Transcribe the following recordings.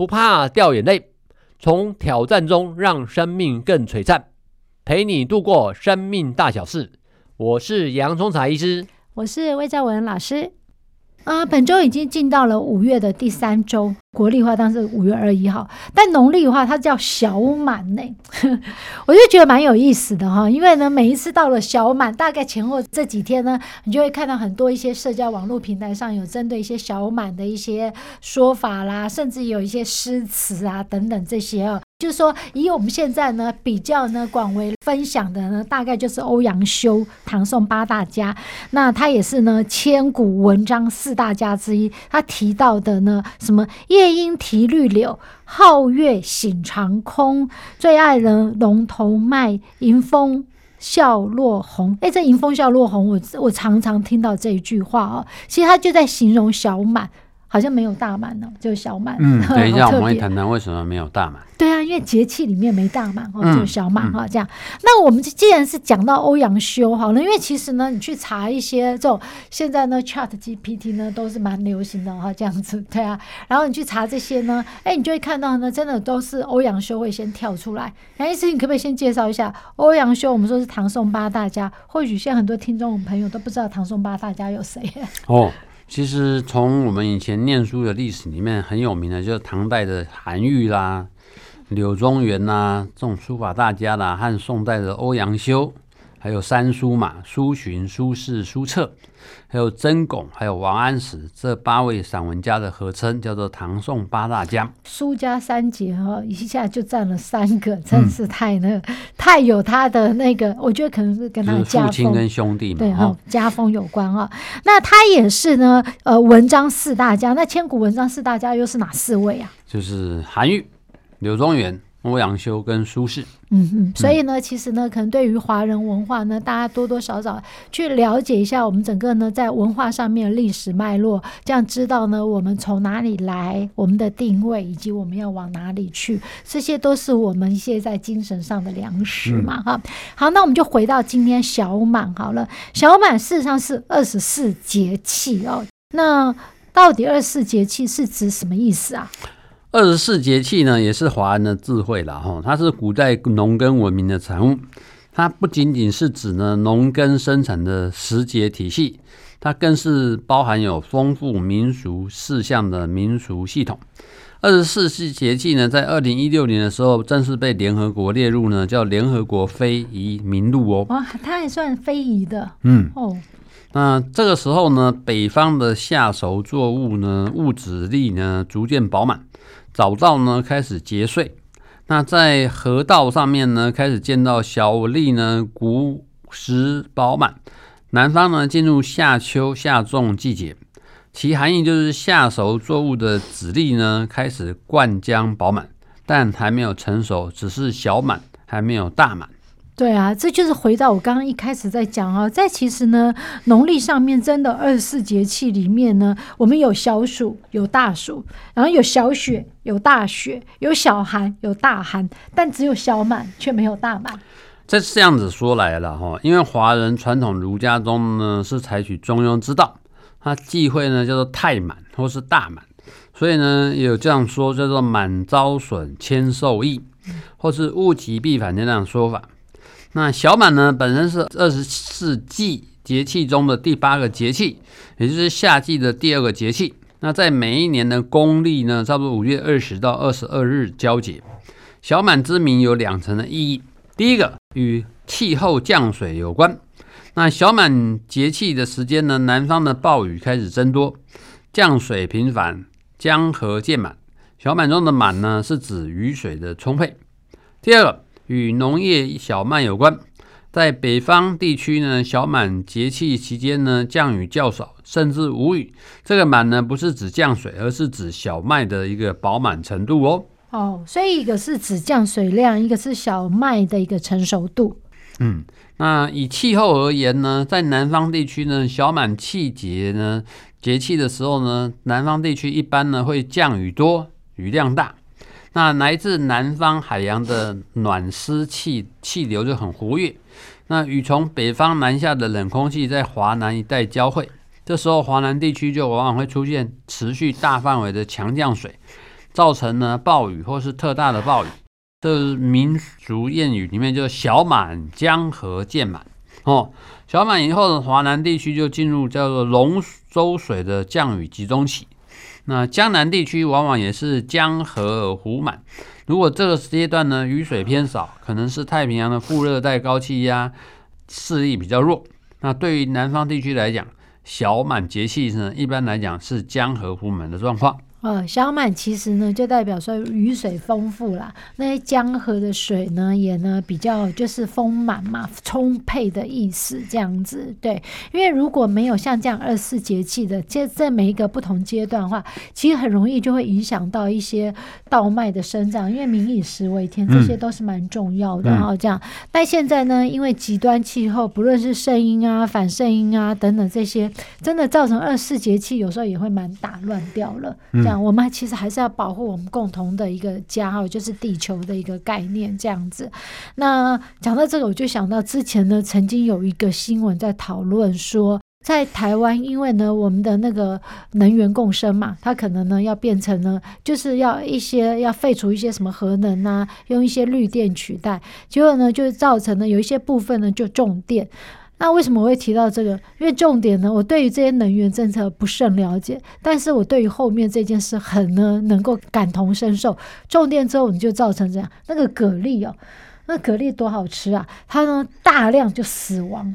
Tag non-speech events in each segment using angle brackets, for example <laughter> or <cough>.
不怕掉眼淚，從挑戰中讓生命更璀璨，陪你度過生命大小事。我是楊聰財醫師，我是魏兆玟老師。啊，本周已經進到了五月的第三週。國曆的話，當時是五月二十一號，但農曆的話，它叫小滿呢、欸， <laughs> 我就覺得蠻有意思的哈。因為呢，每一次到了小滿，大概前後這幾天呢，你就會看到很多一些社交網絡平台上有針對一些小滿的一些說法啦，甚至有一些詩詞啊等等這些啊、喔。就是說以我們現在呢，比較呢廣為分享的呢，大概就是歐陽修、唐宋八大家，那他也是呢千古文章四大家之一，他提到的呢什麼夜鶯啼綠柳，皓月醒長空。最愛人龍頭麥，迎風笑落紅。哎、欸，這迎風笑落紅，我我常常聽到這一句話啊、喔。其實他就在形容小滿。好像沒有大滿哦，就小滿，嗯。等一下，呵呵我們會談談為什麼沒有大滿。對啊，因為節氣裡面沒大滿就小滿哈、嗯嗯、這樣。那我們既然是講到歐陽修好了，因為其實呢，你去查一些這種現在呢 Chat GPT 呢都是蠻流行的哈這樣子。對啊，然後你去查這些呢，哎、欸，你就會看到呢，真的都是歐陽修會先跳出來。楊醫師，你可不可以先介紹一下歐陽修？我們說是唐宋八大家，或許現在很多聽眾朋友都不知道唐宋八大家有誰哦。其實，從我們以前唸書的歷史裡面，很有名的，就是唐代的韓愈啦、柳宗元啦，這種書法大家啦，和宋代的歐陽修。還有三蘇嘛，蘇洵、蘇軾、蘇轍，還有曾鞏，還有王安石，這八位散文家的合稱叫做“唐宋八大家”。蘇家三傑哈、哦，一下就占了三個，真是太那個嗯、太有他的那個，我覺得可能是跟他的是父親跟兄弟嘛對哈、嗯、家風有關啊、哦。 <laughs> 那他也是呢，呃，文章四大家。那千古文章四大家又是哪四位啊？就是韓愈、柳宗元。歐陽修跟蘇軾，嗯嗯，所以呢，其實呢，可能對於華人文化呢，嗯、大家多多少少去了解一下我們整個呢在文化上面的歷史脈絡，這樣知道呢我們從哪裡來，我們的定位以及我們要往哪裡去，這些都是我們現在精神上的糧食嘛，嗯、哈。好，那我們就回到今天小滿好了，小滿事實上是二十四節氣哦。那到底二十四節氣是指什麼意思啊？二十四節氣呢，也是華人的智慧啦哈。它是古代農耕文明的產物，它不僅僅是指呢農耕生產的時節體系，它更是包含有豐富民俗事項的民俗系統。二十四節氣呢，在二零一六年的時候，正式被聯合國列入呢叫聯合國非遺名錄哦。它、哦、還算非遺的。嗯。哦。那這個時候呢，北方的夏熟作物呢，物籽粒呢，逐漸飽滿。早稻呢開始結穗，那在河道上面呢開始見到小粒呢穀實飽滿。南方呢進入夏秋夏種季節，其含義就是夏熟作物的籽粒呢開始灌漿飽滿，但還沒有成熟，只是小滿還沒有大滿。對啊，這就是回到我剛剛一開始在講啊、哦，在其實呢，農曆上面真的二十四節氣裡面呢，我們有小暑、有大暑，然後有小雪、有大雪、有小寒、有大寒，但只有小滿卻沒有大滿。這是這樣子說來了哈，因為華人傳統儒家中呢是採取中庸之道，他忌諱呢叫做太滿或是大滿，所以呢有這樣說叫做“滿招損，謙受益”或是“物極必反”的那種說法。那小滿呢，本身是二十四節氣中的第八個節氣，也就是夏季的第二個節氣。那在每一年的公曆呢，差不多五月二十到二十二日交節。小滿之名有兩層的意義。第一個與氣候降水有關。那小滿節氣的時間呢，南方的暴雨開始增多，降水頻繁，江河漸滿。小滿中的滿呢，是指雨水的充沛。第二個。與農業小麥有關，在北方地區呢，小滿節氣期間呢，降雨較少，甚至無雨。這個滿呢，不是指降水，而是指小麥的一個飽滿程度哦。哦，所以一個是指降水量，一個是小麥的一個成熟度。嗯，那以氣候而言呢，在南方地區呢，小滿氣節呢，節氣的時候呢，南方地區一般呢會降雨多，雨量大。那來自南方海洋的暖濕氣氣流就很活躍，那與從北方南下的冷空氣在華南一帶交匯，這時候華南地區就往往會出現持續大範圍的強降水，造成呢暴雨或是特大的暴雨。這、就是、民俗諺語裡面就“小滿江河漸滿”，哦，小滿以後的華南地區就進入叫做“龍舟水”的降雨集中期。那江南地區往往也是江河湖滿。如果這個時間段呢，雨水偏少，可能是太平洋的副熱帶高氣壓勢力比較弱。那對於南方地區來講，小滿節氣呢，一般來講是江河湖滿的狀況。哦，小滿其實呢，就代表說雨水豐富啦，那些江河的水呢，也呢比較就是豐滿嘛，充沛的意思這樣子，對。因為如果沒有像這樣二四節氣的，這在每一個不同階段的話，其實很容易就會影響到一些稻麥的生長，因為民以食為天，這些都是蠻重要的。然後、嗯、這樣，對 但現在呢，因為極端氣候，不論是聖嬰啊、反聖嬰啊等等這些，真的造成二四節氣有時候也會蠻打亂掉了。嗯嗯、我們其實還是要保護我們共同的一個家，哈，就是地球的一個概念這樣子。那講到這個，我就想到之前呢，曾經有一個新聞在討論說，在台灣，因為呢，我們的那個能源共生嘛，它可能呢要變成呢，就是要一些要廢除一些什麼核能啊，用一些綠電取代，結果呢，就是造成了有一些部分呢就重電。那為什麼我會提到這個？因為重點呢，我對於這些能源政策不甚了解，但是我對於後面這件事很呢能夠感同身受。重點之後，你就造成這樣，那個蛤蜊哦，那蛤蜊多好吃啊，它呢大量就死亡。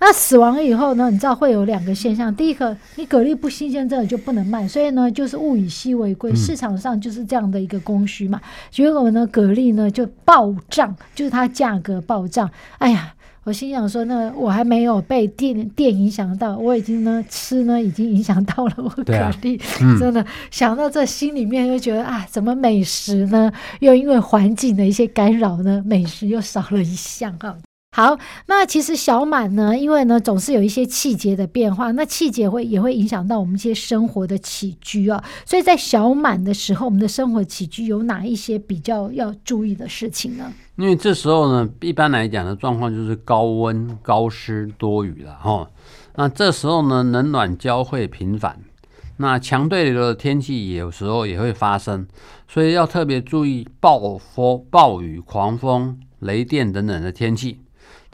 那死亡以後呢，你知道會有兩個現象：第一個，你蛤蜊不新鮮，真的就不能賣，所以呢就是物以稀為貴，市場上就是這樣的一個供需嘛。嗯、結果呢，蛤蜊呢就暴漲，就是它價格暴漲。哎呀。我心想說，那我還沒有被電電影，影響到，我已經呢吃呢已經影響到了我蛤蜊，啊、 <laughs> 真的、嗯、想到這心裡面又覺得啊，怎麼美食呢，又因為環境的一些干擾呢，美食又少了一項哈、啊。好，那其實小滿呢，因為呢總是有一些節氣的變化，那節氣會也會影響到我們一些生活的起居哦、啊。所以在小滿的時候，我們的生活起居有哪一些比較要注意的事情呢？因為這時候呢，一般來講的狀況就是高溫、高濕、多雨了哈。那這時候呢，冷暖交匯頻繁，那強對流的天氣有時候也會發生，所以要特別注意暴風、暴雨、狂風、雷電等等的天氣。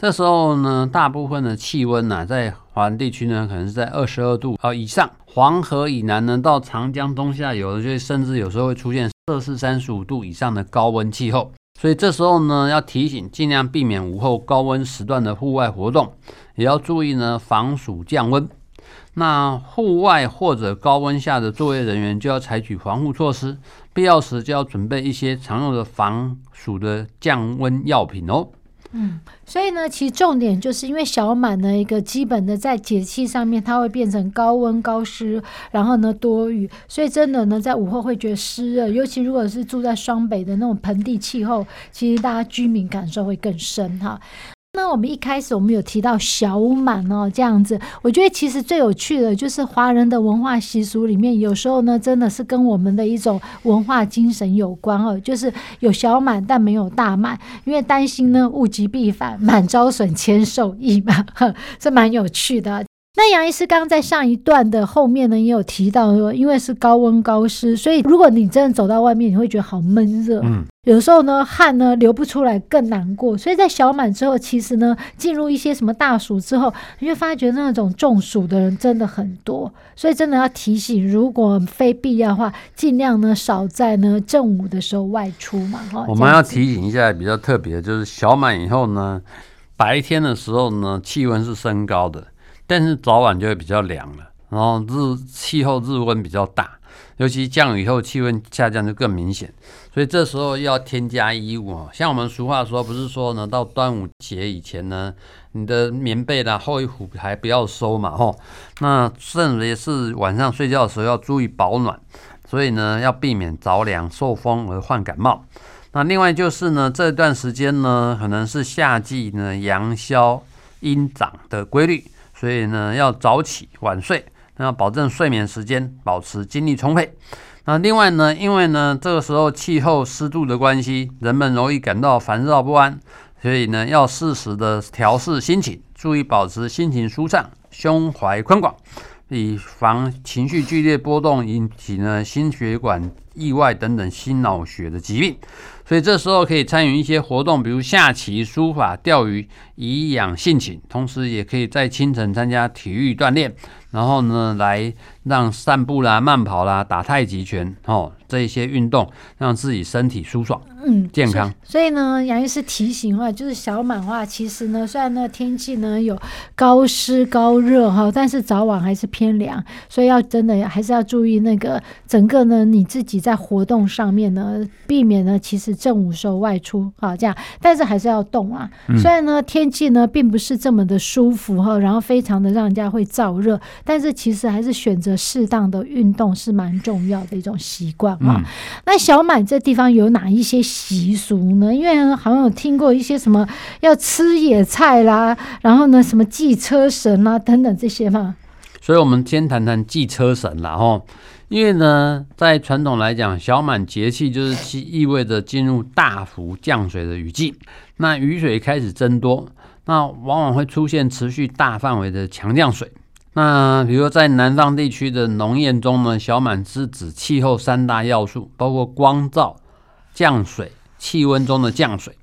這時候呢，大部分的氣溫啊，在華南地區呢，可能是在二十二度啊以上。黃河以南呢，到長江中下游的，就甚至有時候會出現攝氏三十五度以上的高溫氣候。所以這時候呢，要提醒盡量避免午後高溫時段的戶外活動，也要注意呢防暑降溫。那戶外或者高溫下的作業人員就要採取防護措施，必要時就要準備一些常用的防暑的降溫藥品哦。嗯，所以呢，其實重點就是因為小滿呢一個基本的在節氣上面，它會變成高溫高濕，然後呢多雨，所以真的呢，在午後會覺得濕熱，尤其如果是住在雙北的那種盆地氣候，其實大家居民感受會更深哈。那我們一開始我們有提到小滿哦，這樣子，我覺得其實最有趣的就是華人的文化習俗裡面，有時候呢真的是跟我們的一種文化精神有關哦，就是有小滿但沒有大滿，因為擔心呢物極必反，滿招損一滿，謙受益嘛，這蠻有趣的。那楊醫師剛剛在上一段的後面呢，也有提到說，因為是高溫高濕，所以如果你真的走到外面，你會覺得好悶熱。嗯，有時候呢，汗呢流不出來，更難過。所以在小滿之後，其實呢，進入一些什麼大暑之後，你就發覺那種中暑的人真的很多。所以真的要提醒，如果非必要的話，盡量呢少在呢正午的時候外出嘛，齁。我們要提醒一下，比較特別的就是小滿以後呢，白天的時候呢，氣溫是升高的。但是早晚就會比較涼了，然後日氣候日溫比較大，尤其降雨後氣溫下降就更明顯，所以這時候要添加衣物。像我們俗話說，不是說呢，到端午節以前呢，你的棉被啦、厚衣服還不要收嘛，吼。那甚至是晚上睡覺的時候要注意保暖，所以呢要避免着涼、受風而患感冒。那另外就是呢，這段時間呢，可能是夏季呢陽消陰長的規律。所以呢，要早起晚睡，那要保證睡眠時間，保持精力充沛。那另外呢，因為呢這個時候氣候濕度的關係，人們容易感到煩躁不安，所以呢要適時的調試心情，注意保持心情舒暢，胸懷寬廣，以防情緒劇烈波動引起呢心血管。意外等等，心腦血的疾病，所以這時候可以參與一些活動，比如下棋、書法、釣魚，頤養性情。同時，也可以在清晨參加體育鍛鍊，然後呢，來讓散步啦、慢跑啦、打太極拳，哦，這些運動讓自己身體舒爽，嗯，健康。所以呢，楊醫師提醒話，就是小滿話，其實呢，雖然呢天氣呢有高濕高熱哈，但是早晚還是偏涼，所以要真的還是要注意那個整個呢你自己。在活動上面呢，避免呢，其實正午時候外出，好這樣，但是還是要動啊。嗯、雖然呢，天氣呢並不是這麼的舒服哈，然後非常的讓人家會燥熱，但是其實還是選擇適當的運動是蠻重要的一種習慣嘛。嗯、那小滿這地方有哪一些習俗呢？因為好像有聽過一些什麼要吃野菜啦，然後呢，什麼祭車神啊等等這些嘛。所以我們先談談祭車神然後。因為呢，在傳統來講，小滿節氣就是意意味着進入大幅降水的雨季，那雨水開始增多，那往往會出現持續大範圍的強降水。那比如說在南方地區的農業中呢，小滿是指氣候三大要素，包括光照、降水、氣溫中的降水。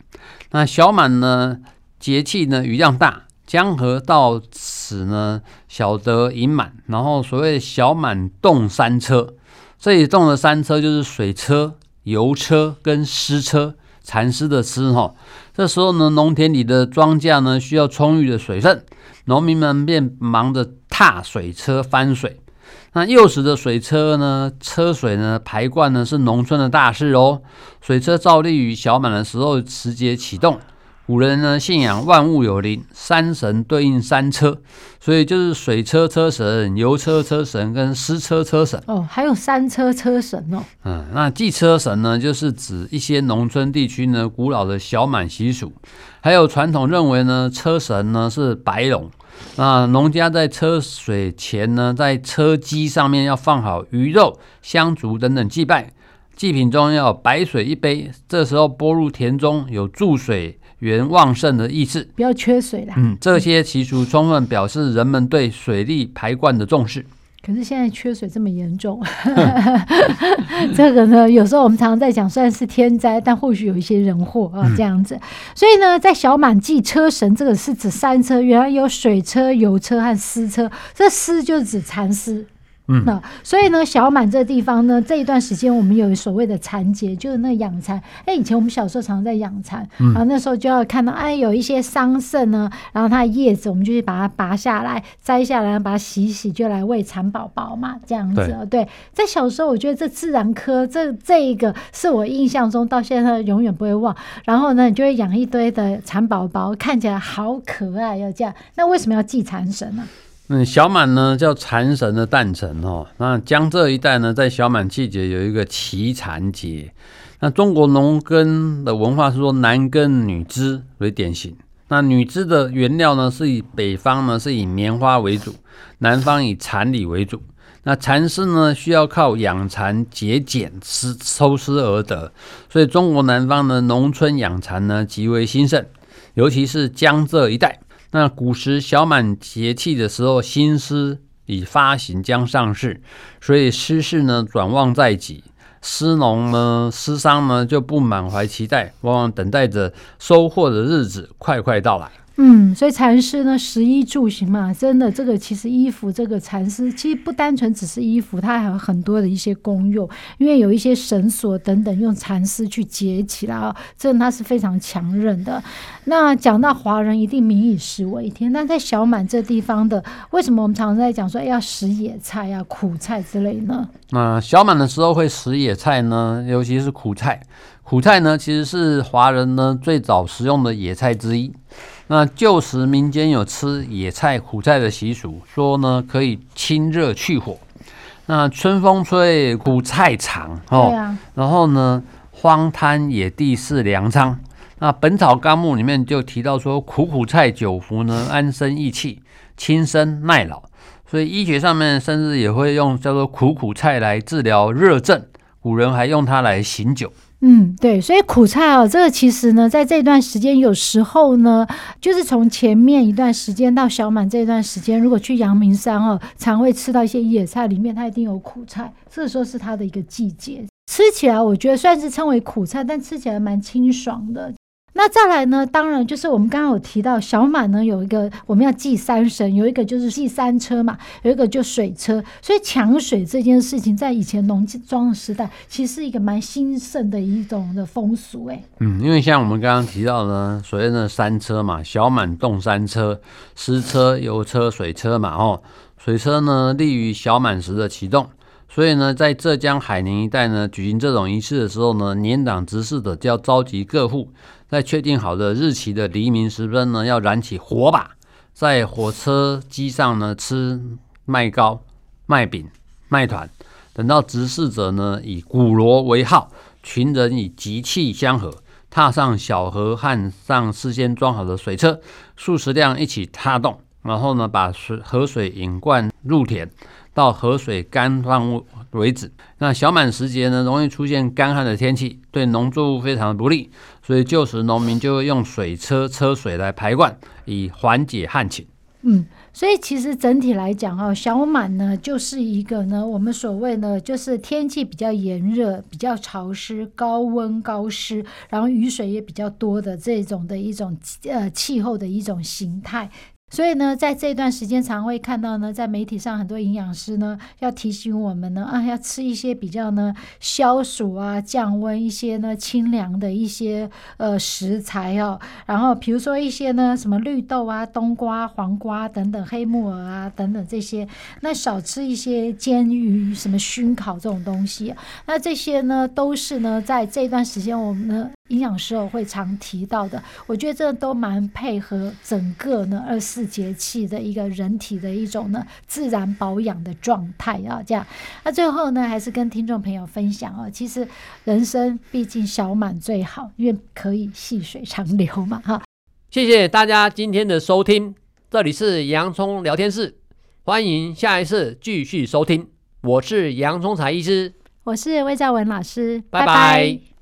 那小滿呢，節氣呢，雨量大，江河到此呢。小得盈滿，然後所謂小滿動三車，這裡動的三車就是水車、油車跟絲車，蠶絲的絲哈。這時候呢，農田裡的莊稼呢需要充裕的水分，農民們便忙着踏水車翻水。那舊時的水車呢，車水呢排灌呢是農村的大事哦。水車照例於小滿的時候時節啟動。古人呢信仰萬物有靈，三神對應三車，所以就是水車車神、油車車神跟絲車車神哦，還有三車車神哦。嗯，那祭車神呢，就是指一些農村地區呢古老的小滿習俗，還有傳統認為呢車神呢是白龍。那農家在車水前呢，在車基上面要放好魚肉、香燭等等祭拜。祭品中，要白水一杯，這時候潑入田中，有注水源旺盛的意思，不要缺水啦。嗯，這些習俗充分表示人們對水利排灌的重視。可是現在缺水這麼嚴重， <laughs> <laughs> 這個呢，有時候我們常常在講，雖然是天災，但或許有一些人禍啊，這樣子。嗯，所以呢，在小滿祭車神，這個是指山車，原來有水車、油車和絲車，這絲就是指蠶絲。嗯，那所以呢，小滿這個地方呢，這一段時間我們有所謂的蠶節，就是那養蠶。哎、欸，以前我們小時候常常在養蠶，然後那時候就要看到，哎，有一些桑葚呢，然後它的葉子，我們就去把它拔下來、摘下來，把它洗洗，就來餵蠶寶寶嘛，這樣子。對，對，在小時候，我覺得這自然科，這這一個是我印象中到現在永遠不會忘。然後呢，你就會養一堆的蠶寶寶，看起來好可愛，要這樣。那為什麼要祭蠶神呢、啊？嗯，小滿呢，叫蠶神的誕辰哦。那江浙一帶呢，在小滿季節有一個祈蠶節。那中國農耕的文化是說，男耕女織為典型。那女織的原料呢，是以北方呢是以棉花為主，南方以蠶繭為主。那蠶絲呢，需要靠養蠶、結繭絲抽絲而得。所以中國南方的農村養蠶呢，極為興盛，尤其是江浙一帶。那古時小滿節氣的時候，新絲已發行將上市，所以絲市呢轉旺在即，絲農呢、絲商呢就不滿懷期待，往往等待着收穫的日子快快到來。嗯，所以蠶絲呢，食衣住行嘛，真的，這個其實衣服這個蠶絲其實不單純只是衣服，它還有很多的一些功用，因為有一些繩索等等用蠶絲去結起來啊，這它是非常強韌的。那講到華人一定民以食為天，那在小滿這地方的，為什麼我們常常在講說要食野菜啊、苦菜之類呢？嗯，小滿的時候會食野菜呢，尤其是苦菜。苦菜呢，其實是華人呢最早食用的野菜之一。那舊時民間有吃野菜、苦菜的習俗，說呢可以清熱去火。那春風吹，苦菜長，哦，對啊。然後呢，荒灘野地是糧倉。那《本草綱目》裡面就提到說，苦苦菜久服能安身益氣、輕身耐老。所以醫學上面甚至也會用叫做苦苦菜來治療熱症。古人還用它來醒酒。嗯，對，所以苦菜哦，這個其實呢，在這段時間，有時候呢，就是從前面一段時間到小滿這段時間，如果去陽明山哦，常會吃到一些野菜，裡面它一定有苦菜，這時候是它的一個季節，吃起來我覺得算是稱為苦菜，但吃起來蠻清爽的。那再來呢？當然就是我們剛剛有提到小滿呢，有一個我們要祭三神，有一個就是祭三車嘛，有一個就水車。所以搶水這件事情，在以前農莊時代，其實是一個蠻興盛的一種的風俗哎、欸。嗯，因為像我們剛剛提到呢，所謂的三車嘛，小滿動三車，絲車、油車、水車嘛哦，水車呢，利於小滿時的啟動。所以呢，在浙江海寧一帶呢，舉行這種儀式的時候呢，年長執事的就要召集各戶。在確定好的日期的黎明時分呢，要燃起火把，在火車機上呢吃麥糕、麥餅、麥團。等到執事者呢以鼓鑼為號，群人以集氣相合，踏上小河漢上事先裝好的水車數十輛一起踏動，然後呢把水河水引灌入田，到河水乾灌為止。那小滿時節呢，容易出現乾旱的天氣，對農作物非常的不利。所以舊時農民就會用水車車水來排灌，以緩解旱情。嗯，所以其實整體來講哦，小滿呢就是一個呢，我們所謂呢，就是天氣比較炎熱、比較潮濕、高溫高濕，然後雨水也比較多的這種的一種呃氣候的一種形態。所以呢，在這段時間常會看到呢，在媒體上很多營養師呢要提醒我們呢，啊，要吃一些比較呢消暑啊、降溫一些呢清涼的一些呃食材哦。然後比如說一些呢什麼綠豆啊、冬瓜、黃瓜等等，黑木耳啊等等這些，那少吃一些煎魚、什麼燻烤這種東西啊。那這些呢都是呢在這段時間我們呢。營養師會常提到的，我覺得這都蠻配合整個呢二四節氣的一個人體的一種呢自然保養的狀態啊，這樣。那、啊、最後呢，還是跟聽眾朋友分享哦、啊，其實人生畢竟小滿最好，因為可以細水長流嘛，哈。謝謝大家今天的收聽，這裡是洋蔥聊天室，歡迎下一次繼續收聽，我是楊聰財醫師，我是魏兆玟老師，bye bye 拜拜。